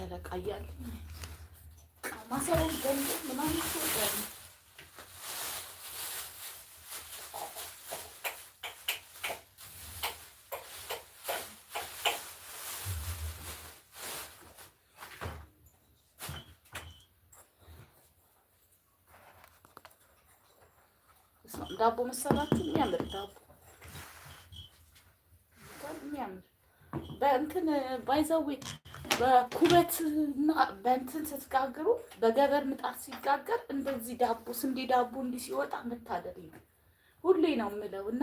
ሰረቃ ዳቦ መሰራችሁ የሚያምር ዳቦ የሚያምር በእንትን ባይዘዌ በኩበትና በእንትን ስትጋግሩ በገበር ምጣድ ሲጋገር እንደዚህ ዳቦ ስንዴ ዳቦ እንዲህ ሲወጣ መታደል ነው። ሁሌ ነው የምለው እና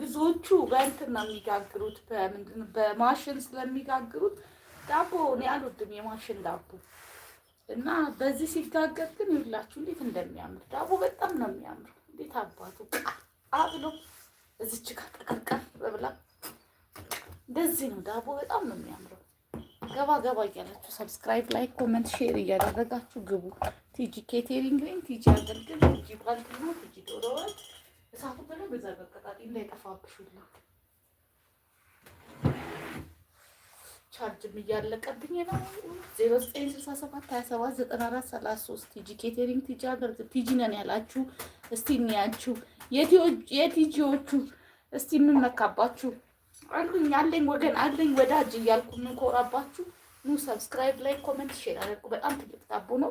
ብዙዎቹ በእንትን ነው የሚጋግሩት፣ በማሽን ስለሚጋግሩት ዳቦ እኔ አልወድም የማሽን ዳቦ እና በዚህ ሲጋገር ግን ይላችሁ እንዴት እንደሚያምር ዳቦ በጣም ነው የሚያምር። እንዴት አባቱ ቃ አብሎ እዚች ጋር ጠቀርቀር ብላ እንደዚህ ነው። ዳቦ በጣም ነው የሚያምረው። ገባ ገባ እያላችሁ ሰብስክራይብ፣ ላይክ፣ ኮመንት፣ ሼር እያደረጋችሁ ግቡ። ቲጂ ኬቴሪንግ ወይም ቲጂ አገልግል፣ ቲጂ ነው ቲጂ ዶሮ ወጥ እሳቱ ብለ በዛ በቀጣጢ እንዳይጠፋብሽ ሁሉ ቻርጅም እያለቀብኝ ነው። ዜሮ ዘጠኝ ስልሳ ሰባት ሀያ ሰባት ዘጠና አራት ሰላሳ ሶስት ቲጂ ኬቴሪንግ ቲጂ አገልግል ቲጂ ነን ያላችሁ እስቲ እንያችሁ የቲጂዎቹ እስቲ የምመካባችሁ አሉኝ አለኝ ወገን አለኝ ወዳጅ እያልኩ የምንኮራባችሁ ኑ ሰብስክራይብ ላይ ኮመንት ሼር አድርጉ። በጣም ትልቅ ዳቦ ነው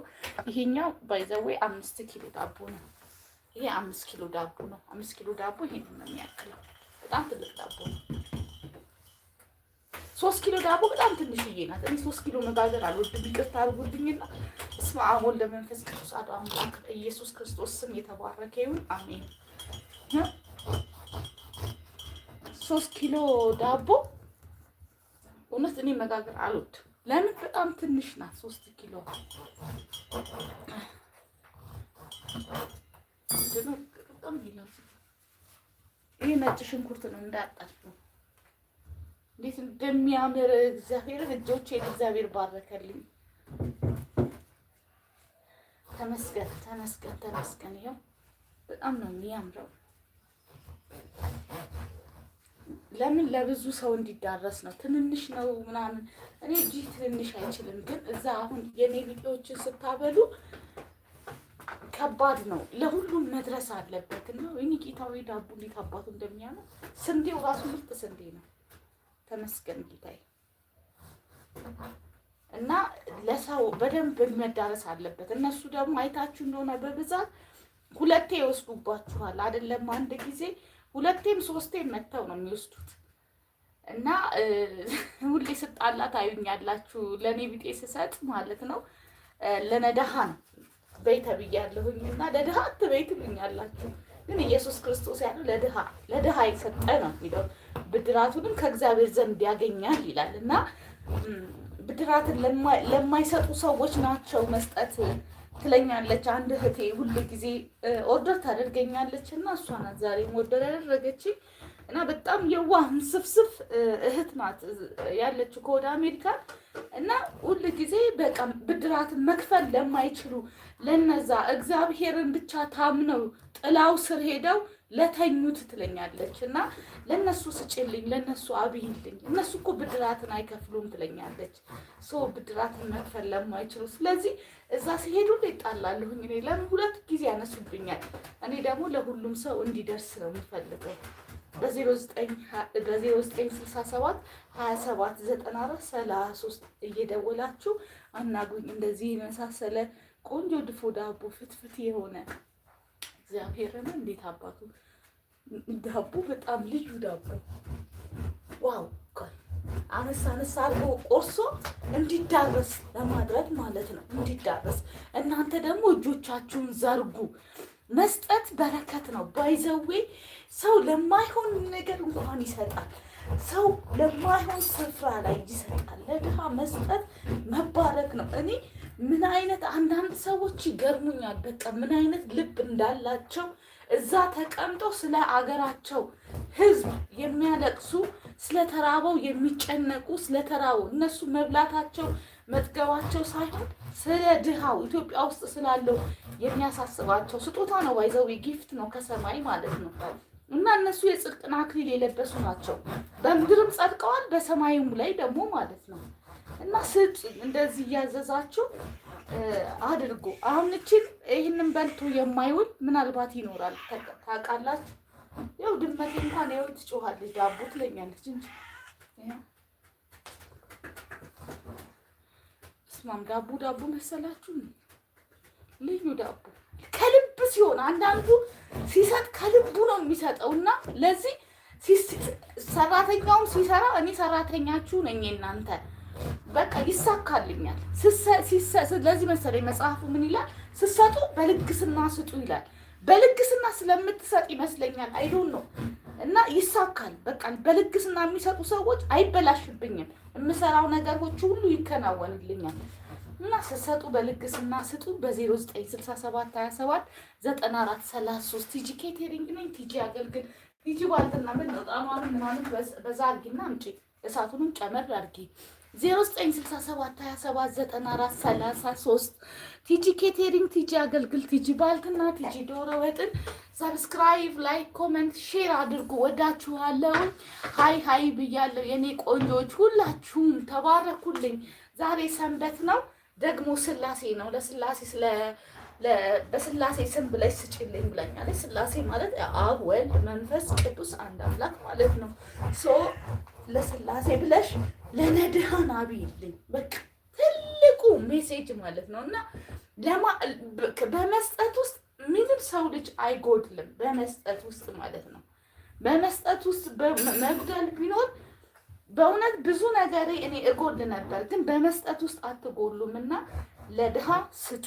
ይሄኛው። ባይዘዌ አምስት ኪሎ ዳቦ ነው ይሄ አምስት ኪሎ ዳቦ ነው። አምስት ኪሎ ዳቦ ይሄን ነው የሚያክለው። በጣም ትልቅ ዳቦ ነው። ሶስት ኪሎ ዳቦ በጣም ትንሽዬ ናት። እኔ ሶስት ኪሎ መጋገር አልወድም፣ ይቅርታ አድርጉልኝና። እስመ አብ ወወልድ ወመንፈስ ቅዱስ አሐዱ አምላክ ኢየሱስ ክርስቶስ ስም የተባረከ ይሁን አሜን። ሶስት ኪሎ ዳቦ እውነት እኔ መጋገር አልወድም። ለምን? በጣም ትንሽ ናት ሶስት ኪሎ ይህ ነጭ ሽንኩርት ነው እንዳጣጡ እንዴት እንደሚያምር እግዚአብሔር እጆቼ እግዚአብሔር ባረከልኝ። ተመስገን ተመስገን ተመስገን። ይኸው በጣም ነው የሚያምረው። ለምን ለብዙ ሰው እንዲዳረስ ነው። ትንንሽ ነው ምናምን እኔ እጅ ትንንሽ አይችልም፣ ግን እዛ አሁን የኔ ልጆችን ስታበሉ ከባድ ነው። ለሁሉም መድረስ አለበት እና ኒቂታዊ ዳቦ እንዴት አባቱ እንደሚያምር ስንዴው ራሱ ምርጥ ስንዴ ነው። ተመስገን ጌታዬ። እና ለሰው በደንብ መዳረስ አለበት። እነሱ ደግሞ አይታችሁ እንደሆነ በብዛት ሁለቴ ይወስዱባችኋል አይደለም አንድ ጊዜ ሁለቴም ሶስቴም መጥተው ነው የሚወስዱት። እና ሁሌ ስጣላ ታዩኛላችሁ። ለእኔ ቢጤ ስሰጥ ማለት ነው ለነዳሃ ነው በይ ተብያለሁኝ እና ለድሃ አትበይ ትሉኛላችሁ። ግን ኢየሱስ ክርስቶስ ያለው ለድሃ ለድሃ የሰጠ ነው የሚለው ብድራቱንም ከእግዚአብሔር ዘንድ ያገኛል ይላል እና ብድራትን ለማይሰጡ ሰዎች ናቸው መስጠት ትለኛለች አንድ እህቴ ሁሉ ጊዜ ኦርደር ታደርገኛለች እና እሷ ናት ዛሬም ኦርደር ያደረገች እና በጣም የዋህን ስፍስፍ እህት ናት ያለችው ከወደ አሜሪካ እና ሁሉ ጊዜ በቃ ብድራትን መክፈል ለማይችሉ ለነዛ እግዚአብሔርን ብቻ ታምነው ጥላው ስር ሄደው ለተኙት ትለኛለች እና ለነሱ ስጭልኝ፣ ለነሱ አብይልኝ፣ እነሱ እኮ ብድራትን አይከፍሉም ትለኛለች። ሰው ብድራትን መክፈል ለማይችሉ ስለዚህ እዛ ሲሄዱ ይጣላለሁኝ። እኔ ለምን ሁለት ጊዜ ያነሱብኛል። እኔ ደግሞ ለሁሉም ሰው እንዲደርስ ነው የምፈልገው። በዜሮ ዘጠኝ ስልሳ ሰባት ሀያ ሰባት ዘጠና አራት ሶስት እየደወላችሁ አናጉኝ። እንደዚህ የመሳሰለ ቆንጆ ድፎ ዳቦ ፍትፍት የሆነ እግዚአብሔርን እንዴት አባቱ ዳቦ በጣም ልዩ ዳቦ ዋው አነሳ አነሳ አድርጎ ቆርሶ እንዲዳረስ ለማድረግ ማለት ነው። እንዲዳረስ እናንተ ደግሞ እጆቻችሁን ዘርጉ። መስጠት በረከት ነው። ባይዘዌ ሰው ለማይሆን ነገር እንኳን ይሰጣል። ሰው ለማይሆን ስፍራ ላይ ይሰጣል። ለድሃ መስጠት መባረክ ነው። እኔ ምን አይነት አንዳንድ ሰዎች ይገርሙኛል። በቃ ምን አይነት ልብ እንዳላቸው እዛ ተቀምጠው ስለ አገራቸው ህዝብ የሚያለቅሱ ስለተራበው የሚጨነቁ ስለተራበው እነሱ መብላታቸው መጥገባቸው ሳይሆን ስለ ድሃው ኢትዮጵያ ውስጥ ስላለው የሚያሳስባቸው ስጦታ ነው። ባይዘዊ ጊፍት ነው ከሰማይ ማለት ነው። እና እነሱ የጽድቅን አክሊል የለበሱ ናቸው። በምድርም ጸድቀዋል፣ በሰማይም ላይ ደግሞ ማለት ነው። እና ስጥ እንደዚህ እያዘዛችሁ አድርጎ አሁን እችን ይህንን በልቶ የማይውል ምናልባት ይኖራል ታውቃላችሁ። ያው ድመት እንኳን ያው ትጮኻለች፣ ዳቦ ትለኛለች እንጂ እስማም ዳቦ ዳቦ መሰላችሁ ልዩ ዳቦ ከልብ ሲሆን አንዳንዱ ሲሰጥ ከልቡ ነው የሚሰጠው እና ለዚህ ሰራተኛውን ሲሰራ እኔ ሰራተኛችሁ ነኝ እናንተ በቃ ይሳካልኛል። ስለዚህ መሰለኝ መጽሐፉ ምን ይላል? ስትሰጡ በልግስና ስጡ ይላል። በልግስና ስለምትሰጥ ይመስለኛል። አይዶን ነው እና ይሳካል። በቃ በልግስና የሚሰጡ ሰዎች አይበላሽብኝም፣ የምሰራው ነገሮች ሁሉ ይከናወንልኛል። እና ስሰጡ በልግስና ስጡ። በ0967279433 ቲጂ ኬቴሪንግ ነኝ። ቲጂ አገልግል፣ ቲጂ ባልትና ምን ምናምን በዛ አርጊና አምጪ። እሳቱንም ጨመር አርጊ። 0967279433 ቲጂ ኬቴሪንግ፣ ቲጂ አገልግል፣ ቲጂ ባልትና፣ ቲጂ ዶሮ ወጥን ሰብስክራይብ፣ ላይክ፣ ኮመንት፣ ሼር አድርጉ። ወዳችኋለሁ። ሀይ ሀይ ብያለሁ የኔ ቆንጆች፣ ሁላችሁም ተባረኩልኝ። ዛሬ ሰንበት ነው ደግሞ ስላሴ ነው። ለስላሴ ስለ በስላሴ ስም ብለሽ ስጭልኝ ብላኛለች። ስላሴ ማለት አብ ወልድ መንፈስ ቅዱስ አንድ አምላክ ማለት ነው። ሶ ለስላሴ ብለሽ ለነዳን አብይልኝ በቃ ትልቁ ሜሴጅ ማለት ነው። እና በመስጠት ውስጥ ምንም ሰው ልጅ አይጎድልም። በመስጠት ውስጥ ማለት ነው። በመስጠት ውስጥ መጉደል ቢኖር በእውነት ብዙ ነገር እኔ እጎል ነበር፣ ግን በመስጠት ውስጥ አትጎሉም እና ለድሃ ስጡ፣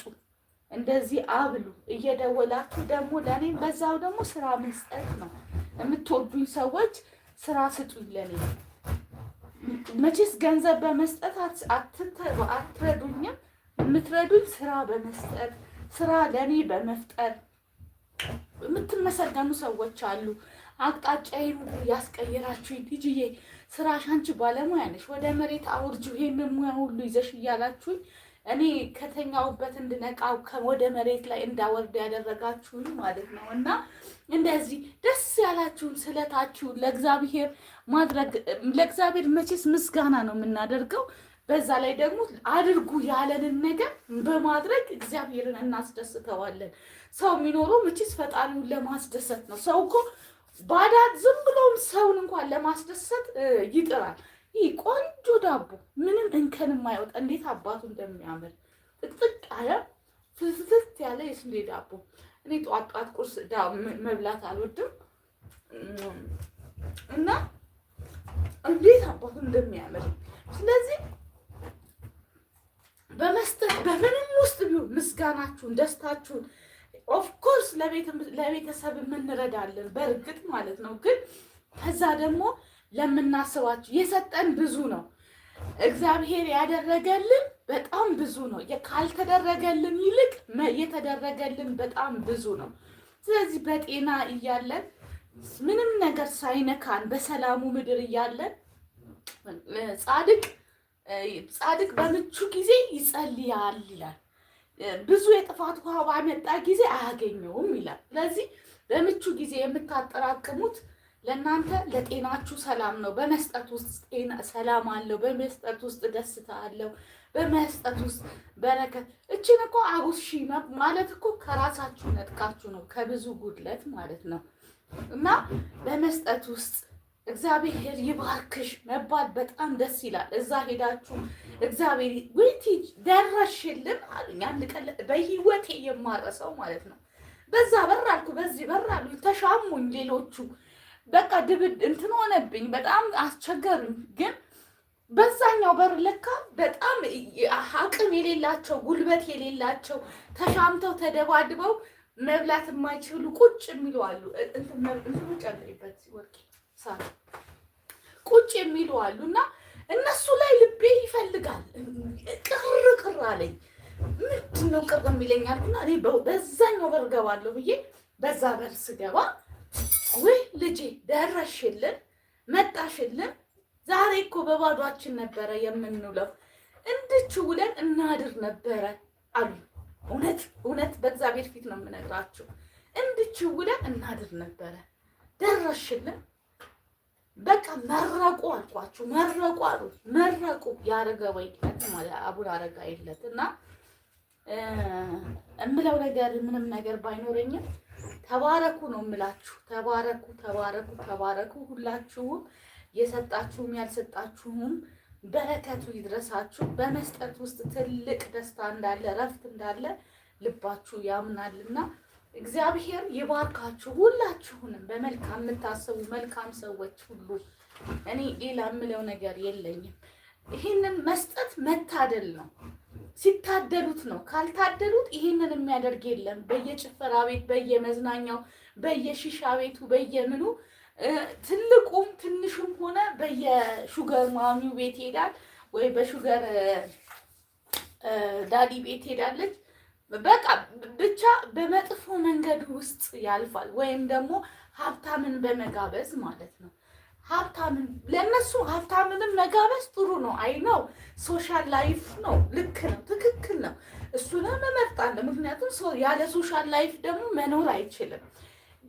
እንደዚህ አብሉ። እየደወላችሁ ደግሞ ለእኔም በዛው ደግሞ ስራ መስጠት ነው። የምትወዱኝ ሰዎች ስራ ስጡኝ ለእኔ መቼስ ገንዘብ በመስጠት አትረዱኝም። የምትረዱኝ ስራ በመስጠት ስራ ለእኔ በመፍጠር የምትመሰገኑ ሰዎች አሉ። አቅጣጫዬን ሁሉ ያስቀየራችሁ ልጅዬ፣ ስራሽ አንቺ ባለሙያ ነሽ፣ ወደ መሬት አውርጅ ይሄንን ሙያ ሁሉ ይዘሽ እያላችሁኝ እኔ ከተኛውበት እንድነቃው ወደ መሬት ላይ እንዳወርድ ያደረጋችሁን ማለት ነው። እና እንደዚህ ደስ ያላችሁን ስለታችሁ ለእግዚአብሔር ማድረግ ለእግዚአብሔር መቼስ ምስጋና ነው የምናደርገው። በዛ ላይ ደግሞ አድርጉ ያለንን ነገር በማድረግ እግዚአብሔርን እናስደስተዋለን። ሰው የሚኖረው መቼስ ፈጣሪውን ለማስደሰት ነው። ሰው እኮ ባዳ ዝም ብሎም ሰውን እንኳን ለማስደሰት ይጥራል። ይህ ቆንጆ ዳቦ ምንም እንከን የማይወጣ እንዴት አባቱ እንደሚያምር ጥቅጥቅ ያለ ፍዝፍት ያለ የስንዴ ዳቦ። እኔ ጠዋት ጠዋት ቁርስ መብላት አልወድም እና እንዴት አባቱ እንደሚያምር ስለዚህ በመስጠት በምንም ውስጥ ቢሆን ምስጋናችሁን፣ ደስታችሁን ኦፍኮርስ ለቤተሰብ የምንረዳለን በእርግጥ ማለት ነው። ግን ከዛ ደግሞ ለምናስባችሁ የሰጠን ብዙ ነው። እግዚአብሔር ያደረገልን በጣም ብዙ ነው። ካልተደረገልን ይልቅ የተደረገልን በጣም ብዙ ነው። ስለዚህ በጤና እያለን ምንም ነገር ሳይነካን በሰላሙ ምድር እያለን ጻድቅ ጻድቅ በምቹ ጊዜ ይጸልያል ይላል። ብዙ የጥፋት ውሃ ባመጣ ጊዜ አያገኘውም ይላል። ስለዚህ በምቹ ጊዜ የምታጠራቅሙት ለእናንተ ለጤናችሁ ሰላም ነው። በመስጠት ውስጥ ሰላም አለው። በመስጠት ውስጥ ደስታ አለው። በመስጠት ውስጥ በረከት። እችን እኮ አቡስ ሺመ ማለት እኮ ከራሳችሁ ነጥቃችሁ ነው፣ ከብዙ ጉድለት ማለት ነው። እና በመስጠት ውስጥ እግዚአብሔር ይባርክሽ መባል በጣም ደስ ይላል። እዛ ሄዳችሁ እግዚአብሔር ውይቲ ደረሽልን አሉኝ። በህይወቴ የማረሰው ማለት ነው። በዛ በራልኩ በዚህ በራሉ ተሻሙኝ ሌሎቹ በቃ ድብድ እንትን ሆነብኝ። በጣም አስቸገሩኝ። ግን በዛኛው በር ለካ በጣም አቅም የሌላቸው ጉልበት የሌላቸው ተሻምተው ተደባድበው መብላት የማይችሉ ቁጭ የሚሉ አሉ። እንትኑ ጨምሪበት ወርቅ ሳ ቁጭ የሚሉ አሉ እና እነሱ ላይ ልቤ ይፈልጋል። ቅር ቅር አለኝ። ምንድን ነው ቅር የሚለኝ አልኩና እኔ በዛኛው በር ገባለሁ ብዬ በዛ በር ስገባ ውይ ልጄ ደረሽልን፣ መጣሽልን። ዛሬ እኮ በባዷችን ነበረ የምንውለው፣ እንድች ውለን እናድር ነበረ አሉ። እውነት እውነት በእግዚአብሔር ፊት ነው የምነግራችሁ። እንድች ውለን እናድር ነበረ፣ ደረሽልን። በቃ መረቁ አልኳችሁ፣ መረቁ አሉ። መረቁ የአረጋወይነት አቡነ አረጋዊነት እና እምለው ነገር ምንም ነገር ባይኖረኝም ተባረኩ ነው የምላችሁ። ተባረኩ ተባረኩ ተባረኩ። ሁላችሁም የሰጣችሁም ያልሰጣችሁም በረከቱ ይድረሳችሁ። በመስጠት ውስጥ ትልቅ ደስታ እንዳለ እረፍት እንዳለ ልባችሁ ያምናልና እግዚአብሔር ይባርካችሁ። ሁላችሁንም በመልካም የምታስቡ መልካም ሰዎች ሁሉ። እኔ ሌላ የምለው ነገር የለኝም። ይህንን መስጠት መታደል ነው። ሲታደሉት ነው። ካልታደሉት ይህንን የሚያደርግ የለም። በየጭፈራ ቤት፣ በየመዝናኛው፣ በየሺሻ ቤቱ፣ በየምኑ ትልቁም ትንሹም ሆነ በየሹገር ማሚው ቤት ይሄዳል ወይ በሹገር ዳዲ ቤት ሄዳለች። በቃ ብቻ በመጥፎ መንገድ ውስጥ ያልፋል። ወይም ደግሞ ሀብታምን በመጋበዝ ማለት ነው። ሀብታምን ለእነሱ ሀብታምንም መጋበዝ ጥሩ ነው። አይ ነው ሶሻል ላይፍ ነው። ልክ ነው፣ ትክክል ነው። እሱንም እመርጣለሁ። ምክንያቱም ያለ ሶሻል ላይፍ ደግሞ መኖር አይችልም።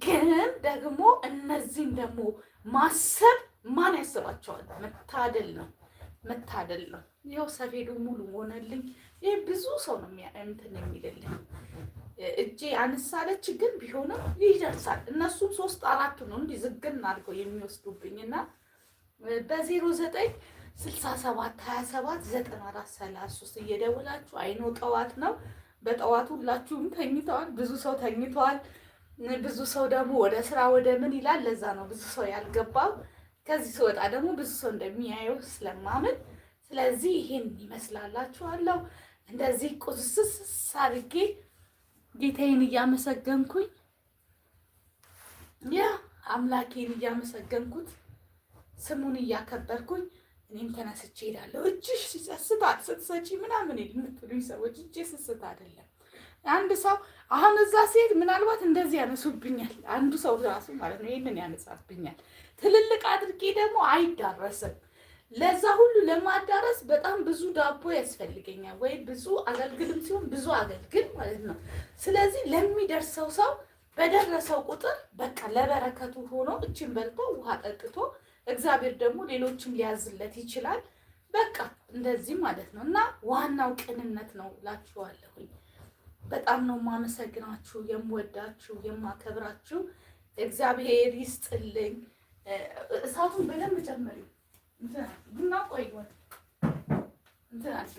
ግን ደግሞ እነዚህን ደግሞ ማሰብ ማን ያስባቸዋል? መታደል ነው፣ መታደል ነው። ይኸው ሰፌዱ ሙሉ ሆነልኝ። ይህ ብዙ ሰው ነው እንትን የሚልልኝ እጄ አነሳለች ግን ቢሆንም ይደርሳል። እነሱም ሶስት አራት ነው እንዲህ ዝግን አድርገው የሚወስዱብኝ እና በዜሮ ዘጠኝ ስልሳ ሰባት ሀያ ሰባት ዘጠና አራት ሰላሳ ሶስት እየደውላችሁ አይኖ ጠዋት ነው። በጠዋት ሁላችሁም ተኝተዋል። ብዙ ሰው ተኝተዋል። ብዙ ሰው ደግሞ ወደ ስራ ወደ ምን ይላል። ለዛ ነው ብዙ ሰው ያልገባው። ከዚህ ስወጣ ደግሞ ብዙ ሰው እንደሚያየው ስለማምን፣ ስለዚህ ይሄን ይመስላላችኋለሁ እንደዚህ ቁስስስ አድርጌ ጌታዬን እያመሰገንኩኝ ያ አምላኬን እያመሰገንኩት ስሙን እያከበርኩኝ እኔም ተነስቼ ሄዳለሁ። እጅሽ ስታት ስትሰጪ ምናምን የምትሉኝ ሰዎች እጅ ስስት አይደለም። አንድ ሰው አሁን እዛ ሲሄድ ምናልባት እንደዚህ ያነሱብኛል። አንዱ ሰው ራሱ ማለት ነው ይህንን ያነሳብኛል። ትልልቅ አድርጌ ደግሞ አይዳረስም ለዛ ሁሉ ለማዳረስ በጣም ብዙ ዳቦ ያስፈልገኛል፣ ወይ ብዙ አገልግልም ሲሆን ብዙ አገልግል ማለት ነው። ስለዚህ ለሚደርሰው ሰው በደረሰው ቁጥር በቃ ለበረከቱ ሆኖ እችን በልቶ ውሃ ጠጥቶ እግዚአብሔር ደግሞ ሌሎችም ሊያዝለት ይችላል። በቃ እንደዚህ ማለት ነው እና ዋናው ቅንነት ነው እላችኋለሁኝ። በጣም ነው የማመሰግናችሁ፣ የምወዳችሁ፣ የማከብራችሁ። እግዚአብሔር ይስጥልኝ። እሳቱን በደንብ ጨምሪ ቡና ቆይ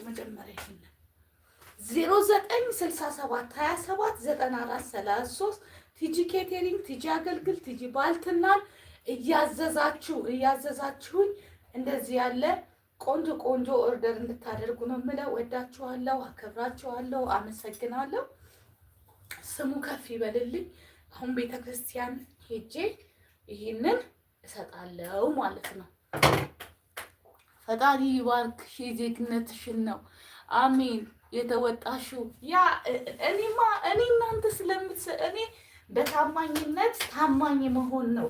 መጀመሪያ ዜሮ ዘጠኝ ስልሳ ሰባት ሀያ ሰባት ዘጠና አራት ሰላሳ ሶስት ቲጂ ኬቴሪንግ፣ ቲጂ አገልግል፣ ቲጂ ባልትናን እያዘዛችሁ እያዘዛችሁኝ እንደዚህ ያለ ቆንጆ ቆንጆ ኦርደር እንድታደርጉ ነው የምለው። ወዳችኋለሁ፣ አከብራችኋለሁ፣ አመሰግናለሁ። ስሙ ከፍ ይበልልኝ። አሁን ቤተክርስቲያን ሄጄ ይህንን እሰጣለሁ ማለት ነው። ፈጣሪ ይባርክሽ፣ የዜግነትሽን ነው። አሜን። የተወጣሽው ያ እኔማ እኔ እናንተ ስለምትስ እኔ በታማኝነት ታማኝ መሆን ነው።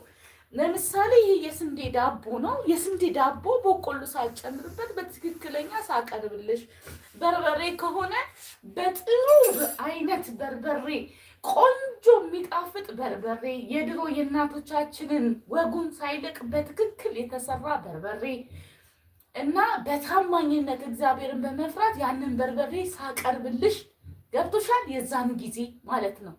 ለምሳሌ ይህ የስንዴ ዳቦ ነው። የስንዴ ዳቦ በቆሎ ሳጨምርበት በትክክለኛ ሳቀርብልሽ፣ በርበሬ ከሆነ በጥሩ አይነት በርበሬ፣ ቆንጆ የሚጣፍጥ በርበሬ፣ የድሮ የእናቶቻችንን ወጉን ሳይለቅ በትክክል የተሰራ በርበሬ እና በታማኝነት እግዚአብሔርን በመፍራት ያንን በርበሬ ሳቀርብልሽ ገብቶሻል። የዛን ጊዜ ማለት ነው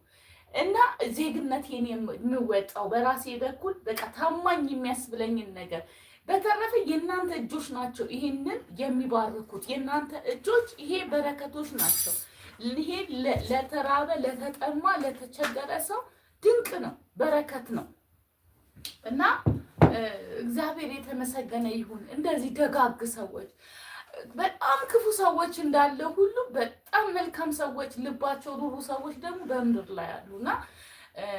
እና ዜግነቴን የምወጣው በራሴ በኩል በቃ ታማኝ የሚያስብለኝን ነገር በተረፈ የእናንተ እጆች ናቸው ይሄንን የሚባርኩት። የእናንተ እጆች ይሄ በረከቶች ናቸው። ይሄ ለተራበ ለተጠማ፣ ለተቸገረ ሰው ድንቅ ነው፣ በረከት ነው እና እግዚአብሔር የተመሰገነ ይሁን። እንደዚህ ደጋግ ሰዎች በጣም ክፉ ሰዎች እንዳለ ሁሉ በጣም መልካም ሰዎች፣ ልባቸው ሩሩ ሰዎች ደግሞ በምድር ላይ አሉና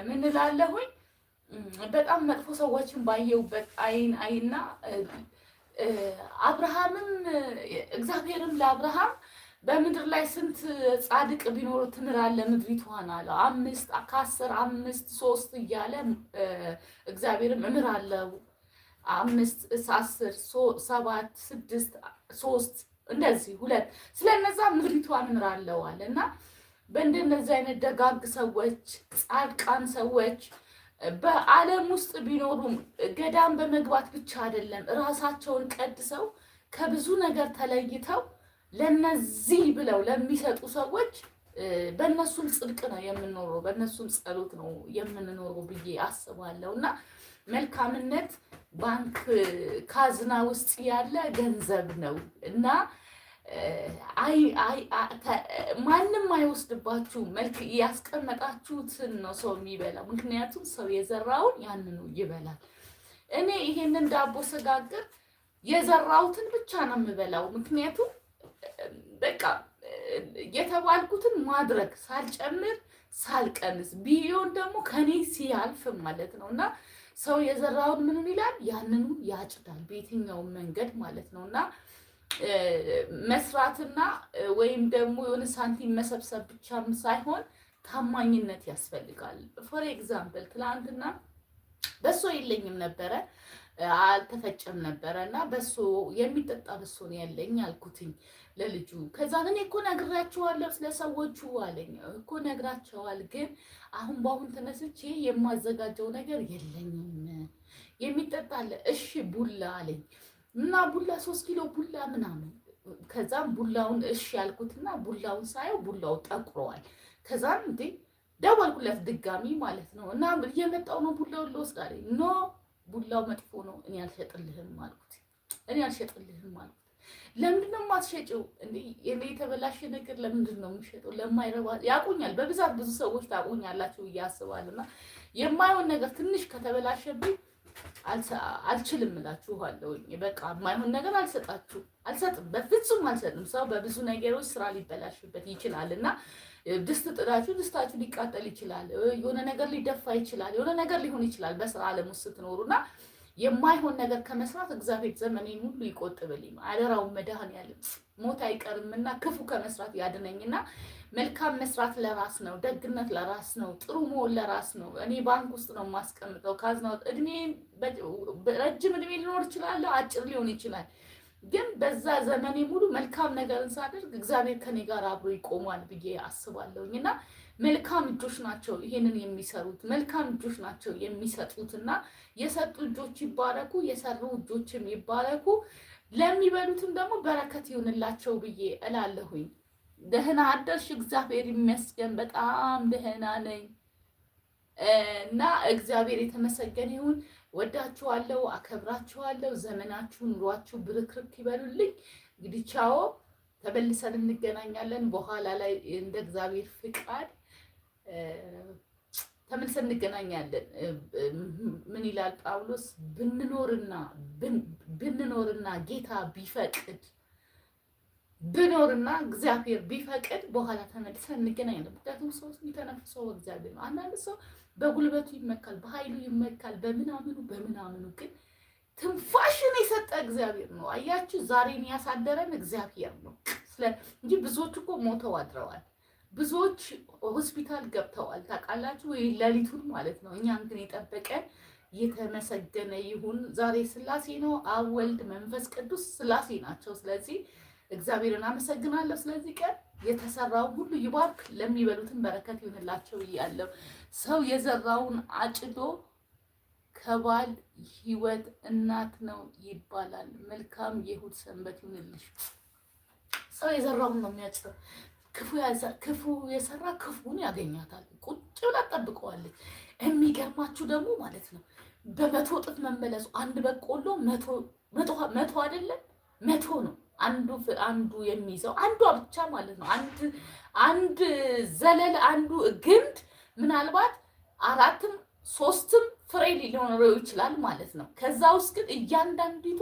ምን እላለሁኝ በጣም መጥፎ ሰዎችን ባየውበት አይን አይና አብርሃምም እግዚአብሔርም ለአብርሃም በምድር ላይ ስንት ጻድቅ ቢኖሩ ትምራለ ምድሪት ሆናለ አምስት ከአስር አምስት ሶስት እያለ እግዚአብሔርም እምራለው አምስት አስር ሰባት ስድስት ሶስት እንደዚህ ሁለት ስለነዛ ምድሪቷን እምራለዋል እና በእንደነዚህ አይነት ደጋግ ሰዎች ጻድቃን ሰዎች በዓለም ውስጥ ቢኖሩም ገዳም በመግባት ብቻ አይደለም ራሳቸውን ቀድሰው ከብዙ ነገር ተለይተው ለነዚህ ብለው ለሚሰጡ ሰዎች በእነሱም ጽድቅ ነው የምንኖረው፣ በእነሱም ጸሎት ነው የምንኖረው ብዬ አስባለሁ እና መልካምነት ባንክ ካዝና ውስጥ ያለ ገንዘብ ነው እና ማንም አይወስድባችሁ። መልክ ያስቀመጣችሁትን ነው ሰው የሚበላው። ምክንያቱም ሰው የዘራውን ያንኑ ይበላል። እኔ ይሄንን ዳቦ ስጋግር የዘራሁትን ብቻ ነው የምበላው። ምክንያቱም በቃ የተባልኩትን ማድረግ ሳልጨምር ሳልቀንስ ቢሊዮን ደግሞ ከኔ ሲያልፍ ማለት ነው እና ሰው የዘራውን ምንም ይላል ያንኑ ያጭዳል በየትኛውም መንገድ ማለት ነው እና መስራትና ወይም ደግሞ የሆነ ሳንቲም መሰብሰብ ብቻም ሳይሆን ታማኝነት ያስፈልጋል። ፎር ኤግዛምፕል ትላንትና በሶ የለኝም ነበረ አልተፈጨም ነበረ እና በሶ የሚጠጣ በሶ ነው ያለኝ አልኩትኝ ለልጁ ከዛ እኔ እኮ ነግራቸዋለሁ ስለሰዎቹ አለኝ እኮ ነግራቸዋል፣ ግን አሁን በአሁን ተነስቼ የማዘጋጀው ነገር የለኝም። የሚጠጣለ እሺ ቡላ አለኝ እና ቡላ ሶስት ኪሎ ቡላ ምናምን ከዛም ቡላውን እሺ ያልኩትና ቡላውን ሳየው ቡላው ጠቁረዋል። ከዛም እንዴ ደወልኩለት ድጋሚ ማለት ነው እና እየመጣው ነው ቡላውን ልወስድ አለኝ። ኖ ቡላው መጥፎ ነው እኔ አልሸጥልህም አልኩት እኔ አልሸጥልህም አልኩት። ለምንድን ነው የማትሸጪው? እኔ የተበላሸ ነገር ለምንድን ነው የሚሸጠው? ለማይረባ ያቁኛል። በብዛት ብዙ ሰዎች ታቁኛላችሁ ብዬ አስባለሁ። እና የማይሆን ነገር ትንሽ ከተበላሸብኝ አልችልም እላችኋለሁኝ። በቃ የማይሆን ነገር አልሰጣችሁ አልሰጥም፣ በፍጹም አልሰጥም። ሰው በብዙ ነገሮች ስራ ሊበላሽበት ይችላል እና ድስት ጥዳችሁ ድስታችሁ ሊቃጠል ይችላል። የሆነ ነገር ሊደፋ ይችላል። የሆነ ነገር ሊሆን ይችላል በስራ አለም ውስጥ ስትኖሩ እና የማይሆን ነገር ከመስራት እግዚአብሔር ዘመኔን ሁሉ ይቆጥብልኝ። አደራውን መድኃኔዓለም ሞት አይቀርምና ክፉ ከመስራት ያድነኝና መልካም መስራት ለራስ ነው። ደግነት ለራስ ነው። ጥሩ መሆን ለራስ ነው። እኔ ባንክ ውስጥ ነው የማስቀምጠው። ካዝና እድሜ ረጅም እድሜ ሊኖር ይችላለሁ፣ አጭር ሊሆን ይችላል። ግን በዛ ዘመኔ ሙሉ መልካም ነገርን ሳደርግ እግዚአብሔር ከኔ ጋር አብሮ ይቆሟል ብዬ አስባለሁኝ እና መልካም እጆች ናቸው ይሄንን የሚሰሩት መልካም እጆች ናቸው የሚሰጡት እና የሰጡ እጆች ይባረኩ፣ የሰሩ እጆችም ይባረኩ፣ ለሚበሉትም ደግሞ በረከት ይሁንላቸው ብዬ እላለሁኝ። ደህና አደርሽ፣ እግዚአብሔር ይመስገን። በጣም ደህና ነኝ እና እግዚአብሔር የተመሰገነ ይሁን። ወዳችኋለሁ፣ አከብራችኋለሁ። ዘመናችሁ፣ ኑሯችሁ ብርክርክ ይበሉልኝ። እንግዲህ ቻው፣ ተመልሰን እንገናኛለን። በኋላ ላይ እንደ እግዚአብሔር ፍቃድ ተመልሰን እንገናኛለን። ምን ይላል ጳውሎስ? ብንኖርና ብንኖርና ጌታ ቢፈቅድ ብኖርና እግዚአብሔር ቢፈቅድ በኋላ ተመልሰን እንገናኝ ነው። ምክንያቱም ሰው እግዚአብሔር ነው። አንዳንድ ሰው በጉልበቱ ይመካል፣ በኃይሉ ይመካል፣ በምናምኑ በምናምኑ ግን ትንፋሽን የሰጠ እግዚአብሔር ነው። አያችሁ፣ ዛሬን ያሳደረን እግዚአብሔር ነው እንጂ ብዙዎች እኮ ሞተው አድረዋል። ብዙዎች ሆስፒታል ገብተዋል። ታውቃላችሁ፣ ሌሊቱን ማለት ነው። እኛን ግን የጠበቀን የተመሰገነ ይሁን። ዛሬ ስላሴ ነው። አብ ወልድ መንፈስ ቅዱስ ስላሴ ናቸው። ስለዚህ እግዚአብሔርን አመሰግናለሁ ስለዚህ ቀን የተሰራው ሁሉ ይባርክ፣ ለሚበሉትን በረከት ይሆንላቸው እያለው ሰው የዘራውን አጭዶ ከባል ህይወት እናት ነው ይባላል። መልካም የእሑድ ሰንበት ይሁንልሽ። ሰው የዘራውን ነው የሚያጭደው። ክፉ የሰራ ክፉን ያገኛታል። ቁጭ ብላ ጠብቀዋለች። የሚገርማችሁ ደግሞ ማለት ነው በመቶ እጥፍ መመለሱ። አንድ በቆሎ መቶ አይደለም መቶ ነው አንዱ አንዱ የሚይዘው አንዷ ብቻ ማለት ነው። አንድ አንድ ዘለል አንዱ ግንድ ምናልባት አራትም ሶስትም ፍሬ ሊኖረው ይችላል ማለት ነው። ከዛ ውስጥ ግን እያንዳንዲቷ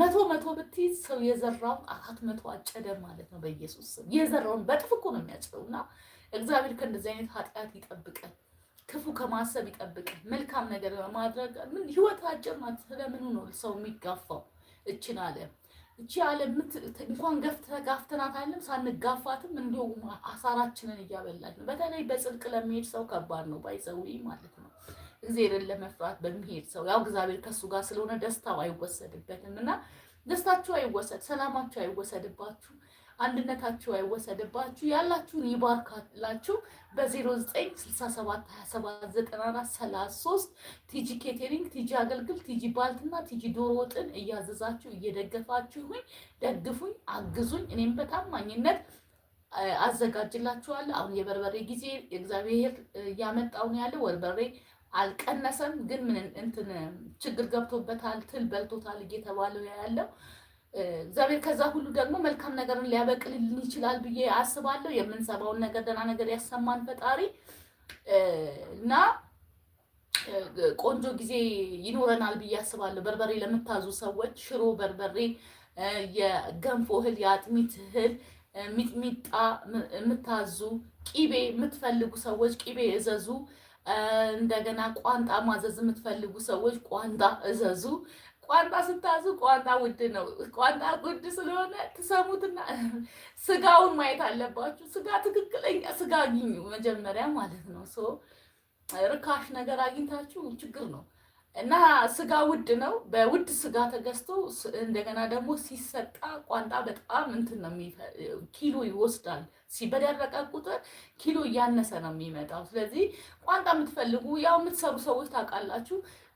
መቶ መቶ ብትይዝ ሰው የዘራውን አራት መቶ አጨደ ማለት ነው። በኢየሱስ ስም የዘራውን በጥፍ እኮ ነው የሚያጭደው። እና እግዚአብሔር ከእንደዚህ አይነት ኃጢአት ይጠብቀን፣ ክፉ ከማሰብ ይጠብቀን፣ መልካም ነገር በማድረግ ምን ህይወት አጭር ናት። ስለምኑ ነው ሰው የሚጋፋው እችን አለ እቺ ዓለም እንኳን ገፍት ተጋፍተናት አለም ሳንጋፋትም እንዲሁም አሳራችንን እያበላች ነው። በተለይ በጽድቅ ለሚሄድ ሰው ከባድ ነው፣ ባይዘዊ ማለት ነው። እግዚአብሔርን ለመፍራት በሚሄድ ሰው ያው እግዚአብሔር ከእሱ ጋር ስለሆነ ደስታው አይወሰድበትም እና ደስታችሁ አይወሰድ፣ ሰላማችሁ አይወሰድባችሁ። አንድነታችሁ አይወሰድባችሁ፣ ያላችሁን ይባርካላችሁ። በ0967279433 ቲጂ ኬቴሪንግ፣ ቲጂ አገልግል፣ ቲጂ ባልትና ቲጂ ዶሮ ወጥን እያዘዛችሁ እየደገፋችሁኝ ደግፉኝ፣ አግዙኝ። እኔም በታማኝነት አዘጋጅላችኋለሁ። አሁን የበርበሬ ጊዜ እግዚአብሔር እያመጣውን ያለ ወርበሬ አልቀነሰም፣ ግን ምን እንትን ችግር ገብቶበታል፣ ትል በልቶታል እየተባለው ያለው እግዚአብሔር ከዛ ሁሉ ደግሞ መልካም ነገርን ሊያበቅልልን ይችላል ብዬ አስባለሁ። የምንሰማውን ነገር ደህና ነገር ያሰማን ፈጣሪ እና ቆንጆ ጊዜ ይኖረናል ብዬ አስባለሁ። በርበሬ ለምታዙ ሰዎች ሽሮ በርበሬ፣ የገንፎ እህል፣ የአጥሚት እህል፣ ሚጥሚጣ የምታዙ ቂቤ የምትፈልጉ ሰዎች ቂቤ እዘዙ። እንደገና ቋንጣ ማዘዝ የምትፈልጉ ሰዎች ቋንጣ እዘዙ። ቋንጣ ስታዙ ቋንጣ ውድ ነው። ቋንጣ ውድ ስለሆነ ትሰሙትና ስጋውን ማየት አለባችሁ። ስጋ ትክክለኛ ስጋ አግኙ መጀመሪያ ማለት ነው። ሶ ርካሽ ነገር አግኝታችሁ ችግር ነው እና ስጋ ውድ ነው። በውድ ስጋ ተገዝቶ እንደገና ደግሞ ሲሰጣ ቋንጣ በጣም እንትን ነው ኪሎ ይወስዳል። በደረቀ ቁጥር ኪሎ እያነሰ ነው የሚመጣው። ስለዚህ ቋንጣ የምትፈልጉ ያው የምትሰሩ ሰዎች ታውቃላችሁ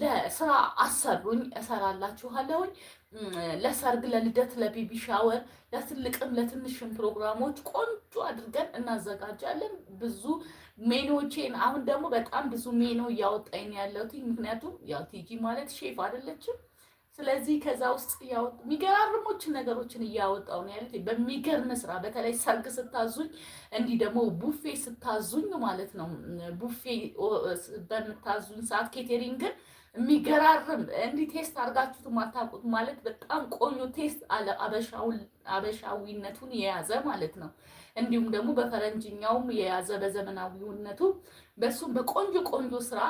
ለስራ አሰሩኝ እሰራላችኋለሁኝ። ለሰርግ፣ ለልደት፣ ለቤቢ ሻወር፣ ለትልቅም ለትንሽም ፕሮግራሞች ቆንጆ አድርገን እናዘጋጃለን። ብዙ ሜኖቼን አሁን ደግሞ በጣም ብዙ ሜኖ እያወጣኝ ያለሁት ምክንያቱም ያው ቲጂ ማለት ሼፍ አይደለችም። ስለዚህ ከዛ ውስጥ የሚገራርሞችን ነገሮችን እያወጣው ነው ያሉት። በሚገርም ስራ በተለይ ሰርግ ስታዙኝ፣ እንዲህ ደግሞ ቡፌ ስታዙኝ ማለት ነው ቡፌ በምታዙኝ ሰዓት ኬቴሪንግን የሚገራርም እንዲህ ቴስት አድርጋችሁት የማታውቁት ማለት በጣም ቆንጆ ቴስት አበሻዊነቱን የያዘ ማለት ነው። እንዲሁም ደግሞ በፈረንጅኛውም የያዘ በዘመናዊነቱ በሱም በቆንጆ ቆንጆ ስራ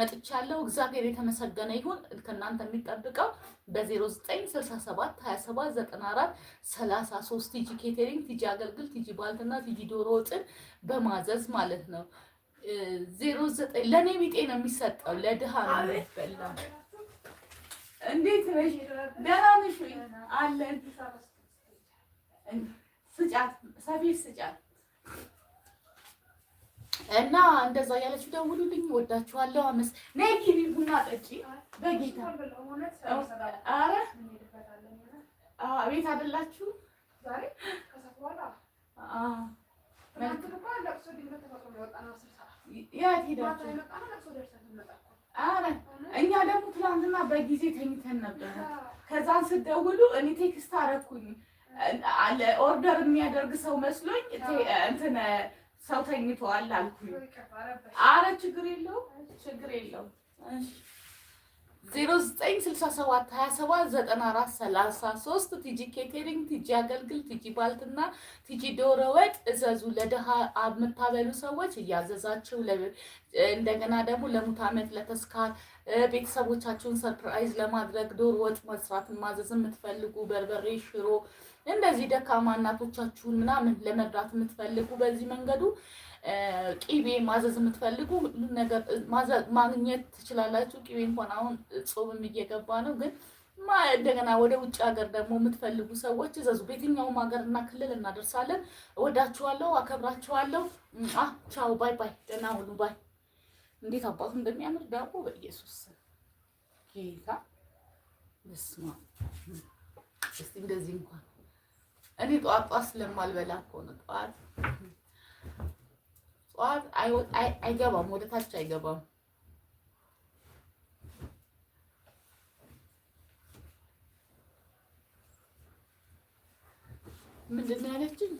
መጥቻለሁ። እግዚአብሔር የተመሰገነ ይሁን። ከእናንተ የሚጠብቀው በ0967 2794 33 ቲጂ ኬቴሪንግ፣ ቲጂ አገልግል፣ ቲጂ ባልትና ቲጂ ዶሮ ወጥን በማዘዝ ማለት ነው። ዜሮ ዘጠኝ ለእኔ ቢጤ ነው የሚሰጠው፣ ለድሃ ነው እንዴት ነሽ? ደህና ነሽ ወይ? አለን። ስጫት ስጫት እና እንደዛ እያለች ደውሉልኝ። ወዳችኋለሁ። አመስ ነይ ቡና ጠጪ በጌታ ቤት ዛሬ የት ሄዳችሁ? ኧረ እኛ ደግሞ ትናንትና በጊዜ ተኝተን ነበረ ከዛን ስደውሉ እኔ ቴክስት አደረኩኝ። ኦርደር የሚያደርግ ሰው መስሎኝ እንትን ሰው ተኝተዋል አልኩኝ። አረ ችግር የለውም ችግር የለውም። 0967279433 ቲጂ ኬቴሪንግ፣ ቲጂ አገልግል፣ ቲጂ ባልትና፣ ቲጂ ዶሮ ወጥ እዘዙ። ለድሃ የምታበሉ ሰዎች እያዘዛችሁ እንደገና ደግሞ ለሙት ዓመት ለተስካር ቤተሰቦቻችሁን ሰርፕራይዝ ለማድረግ ዶሮ ወጥ መስራት ማዘዝ የምትፈልጉ በርበሬ፣ ሽሮ እንደዚህ ደካማ እናቶቻችሁን ምናምን ለመርዳት የምትፈልጉ በዚህ መንገዱ ቂቤ ማዘዝ የምትፈልጉ ማግኘት ትችላላችሁ። ቂቤ እንኳን አሁን ጾምም እየገባ ነው፣ ግን እንደገና ወደ ውጭ ሀገር ደግሞ የምትፈልጉ ሰዎች እዘዙ። በየትኛውም ሀገር እና ክልል እናደርሳለን። እወዳችኋለሁ፣ አከብራችኋለሁ። ቻው፣ ባይ ባይ፣ ደህና ሁኑ፣ ባይ። እንዴት አባቱ እንደሚያምር ዳቦ በኢየሱስ ጌታ ስማ። እስቲ እንደዚህ እንኳን እኔ ጠዋት ጠዋት ስለማልበላ ከሆነ ጠዋት ጠዋት አይገባም፣ ወደ ታች አይገባም። ምንድን ነው ያለችኝ?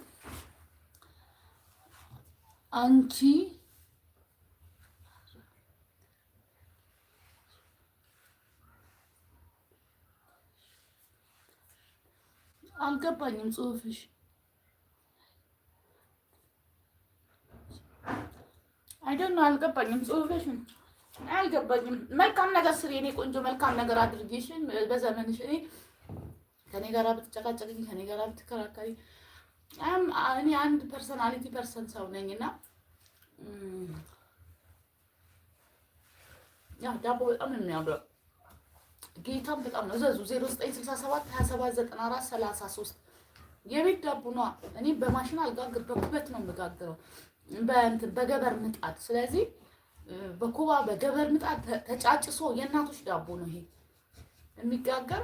አንቺ አልገባኝም ጽሑፍሽ አይደን አልገባኝም። ጽሁፍሽን አልገባኝም። መልካም ነገር ስሪ የኔ ቆንጆ፣ መልካም ነገር አድርጌሽን በዘመንሽ እኔ ከኔ ጋር ብትጨቃጨቅኝ ከኔ ጋር ብትከራከሪ እኔ አንድ ፐርሰናሊቲ ፐርሰን ሰው ነኝ እና ያው ዳቦ በጣም ነው የሚያምረው። ጌታም በጣም ነው እዘዙ። 0967 27 94 33 የቤት ዳቦ ነዋ። እኔ በማሽን አልጋግር በኩበት ነው የምጋግረው። በገበር ምጣድ። ስለዚህ በኩባ በገበር ምጣድ ተጫጭሶ የእናቶች ዳቦ ነው ይሄ የሚጋገር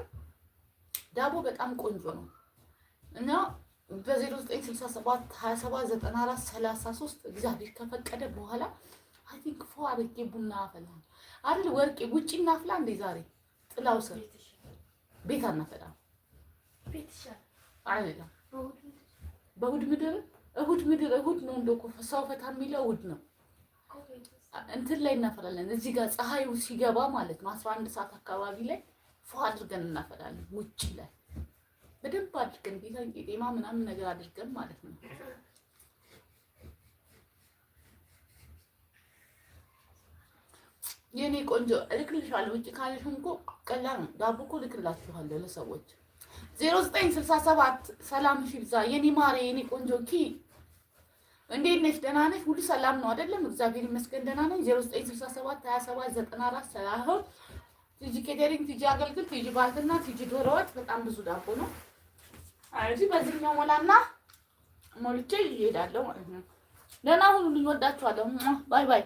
ዳቦ በጣም ቆንጆ ነው እና በ0967 27 94 33 እግዚአብሔር ከፈቀደ በኋላ አይቲንክ ፎ አድርጌ ቡና አፈላለሁ አይደል ወርቄ፣ ውጭ እናፍላ እንዴ ዛሬ ጥላው ስር ቤት አናፈላ ቤት ይሻላል አይደለም በእሑድ ምድር እሁድ ምድር እሁድ ነው እንደ ሰው ፈታ የሚለው እሁድ ነው። እንትን ላይ እናፈላለን። እዚህ ጋር ፀሐዩ ሲገባ ማለት ነው አስራ አንድ ሰዓት አካባቢ ላይ ፎ አድርገን እናፈላለን። ውጭ ላይ በደንብ አድርገን ቤታን ቄጤማ ምናምን ነገር አድርገን ማለት ነው። የኔ ቆንጆ እልክልሻለሁ። ውጭ ካለሽ እንኳ ቀላል ነው። ዳቦ እኮ እልክላችኋለሁ ለሰዎች 0967 ሰላምሽ ይብዛ የኔ ማሪ የኔ ቆንጆ ኪ እንዴት ነሽ? ደህና ነሽ? ሁሉ ሰላም ነው አይደለም? እግዚአብሔር ይመስገን ደህና ነኝ። 0967 27 94 ሳይሆን ቲጂ ኬተሪንግ፣ ቲጂ አገልግል፣ ቲጂ ባልትና፣ ቲጂ ዶሮ ወጥ በጣም ብዙ ዳቦ ነው። አይ በዚህኛው ሞላና ሞልቼ ይሄዳለሁ ማለት ነው። ደህና ሁሉ ልወዳችኋለሁ። ባይ ባይ